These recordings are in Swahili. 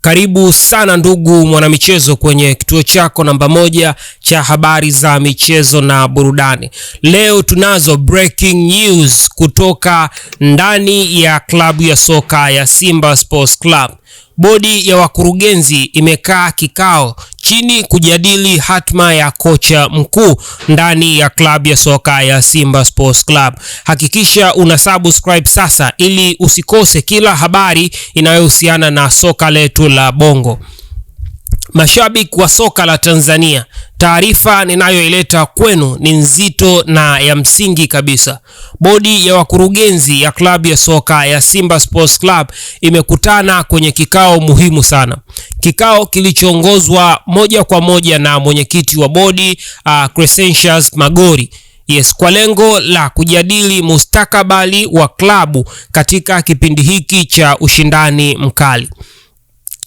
Karibu sana ndugu mwanamichezo kwenye kituo chako namba moja cha habari za michezo na burudani. Leo tunazo breaking news kutoka ndani ya klabu ya soka ya Simba Sports Club. Bodi ya wakurugenzi imekaa kikao chini kujadili hatma ya kocha mkuu ndani ya klabu ya soka ya Simba Sports Club. Hakikisha una subscribe sasa ili usikose kila habari inayohusiana na soka letu la Bongo. Mashabiki wa soka la Tanzania, taarifa ninayoileta kwenu ni nzito na ya msingi kabisa. Bodi ya wakurugenzi ya klabu ya soka ya Simba Sports Club imekutana kwenye kikao muhimu sana kikao kilichoongozwa moja kwa moja na mwenyekiti wa bodi uh, Crescentius Magori. Yes, kwa lengo la kujadili mustakabali wa klabu katika kipindi hiki cha ushindani mkali.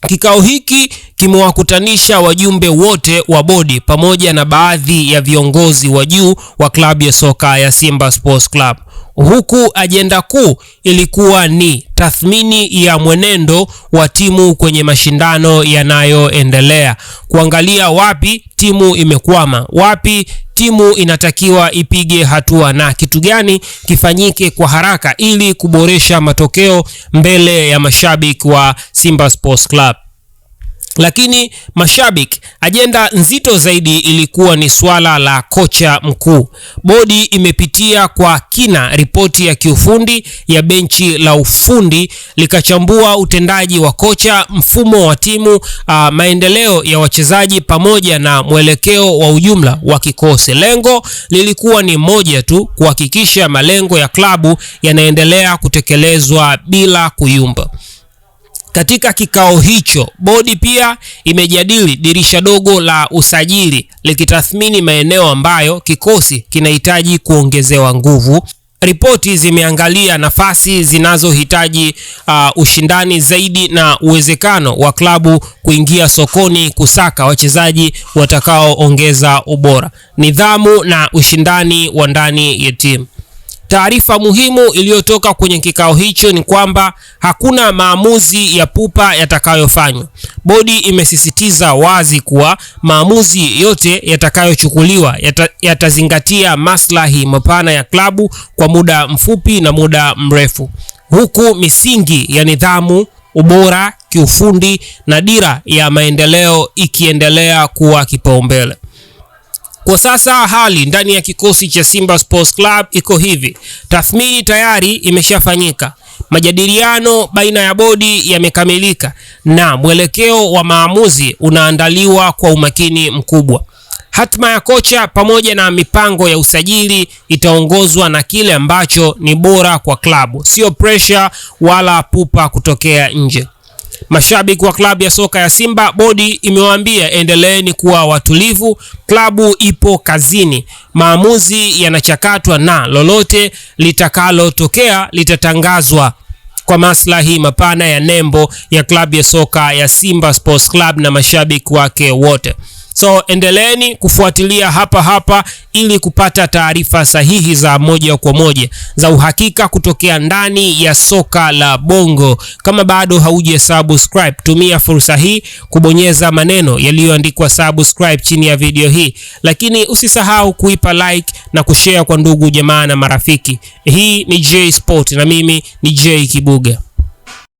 Kikao hiki kimewakutanisha wajumbe wote wa bodi pamoja na baadhi ya viongozi wa juu wa klabu ya soka ya Simba Sports Club huku ajenda kuu ilikuwa ni tathmini ya mwenendo wa timu kwenye mashindano yanayoendelea, kuangalia wapi timu imekwama, wapi timu inatakiwa ipige hatua na kitu gani kifanyike kwa haraka ili kuboresha matokeo mbele ya mashabiki wa Simba Sports Club. Lakini mashabiki, ajenda nzito zaidi ilikuwa ni swala la kocha mkuu. Bodi imepitia kwa kina ripoti ya kiufundi ya benchi la ufundi likachambua utendaji wa kocha, mfumo wa timu, a, ah, maendeleo ya wachezaji pamoja na mwelekeo wa ujumla wa kikosi. Lengo lilikuwa ni moja tu, kuhakikisha malengo ya klabu yanaendelea kutekelezwa bila kuyumba. Katika kikao hicho, bodi pia imejadili dirisha dogo la usajili likitathmini maeneo ambayo kikosi kinahitaji kuongezewa nguvu. Ripoti zimeangalia nafasi zinazohitaji uh, ushindani zaidi na uwezekano wa klabu kuingia sokoni kusaka wachezaji watakaoongeza ubora, nidhamu na ushindani wa ndani ya timu. Taarifa muhimu iliyotoka kwenye kikao hicho ni kwamba hakuna maamuzi ya pupa yatakayofanywa. Bodi imesisitiza wazi kuwa maamuzi yote yatakayochukuliwa yata, yatazingatia maslahi mapana ya klabu kwa muda mfupi na muda mrefu, huku misingi ya nidhamu, ubora, kiufundi na dira ya maendeleo ikiendelea kuwa kipaumbele. Kwa sasa hali ndani ya kikosi cha Simba Sports Club iko hivi. Tathmini tayari imeshafanyika, majadiliano baina ya bodi yamekamilika, na mwelekeo wa maamuzi unaandaliwa kwa umakini mkubwa. Hatima ya kocha pamoja na mipango ya usajili itaongozwa na kile ambacho ni bora kwa klabu, sio pressure wala pupa kutokea nje. Mashabiki wa klabu ya soka ya Simba, bodi imewaambia endeleeni kuwa watulivu, klabu ipo kazini, maamuzi yanachakatwa na lolote litakalotokea litatangazwa kwa maslahi mapana ya nembo ya klabu ya soka ya Simba Sports Club na mashabiki wake wote. So endeleeni kufuatilia hapa hapa ili kupata taarifa sahihi za moja kwa moja za uhakika kutokea ndani ya soka la Bongo. Kama bado hauje subscribe, tumia fursa hii kubonyeza maneno yaliyoandikwa subscribe chini ya video hii, lakini usisahau kuipa like na kushare kwa ndugu jamaa na marafiki. Hii ni J Sport na mimi ni J Kibuga.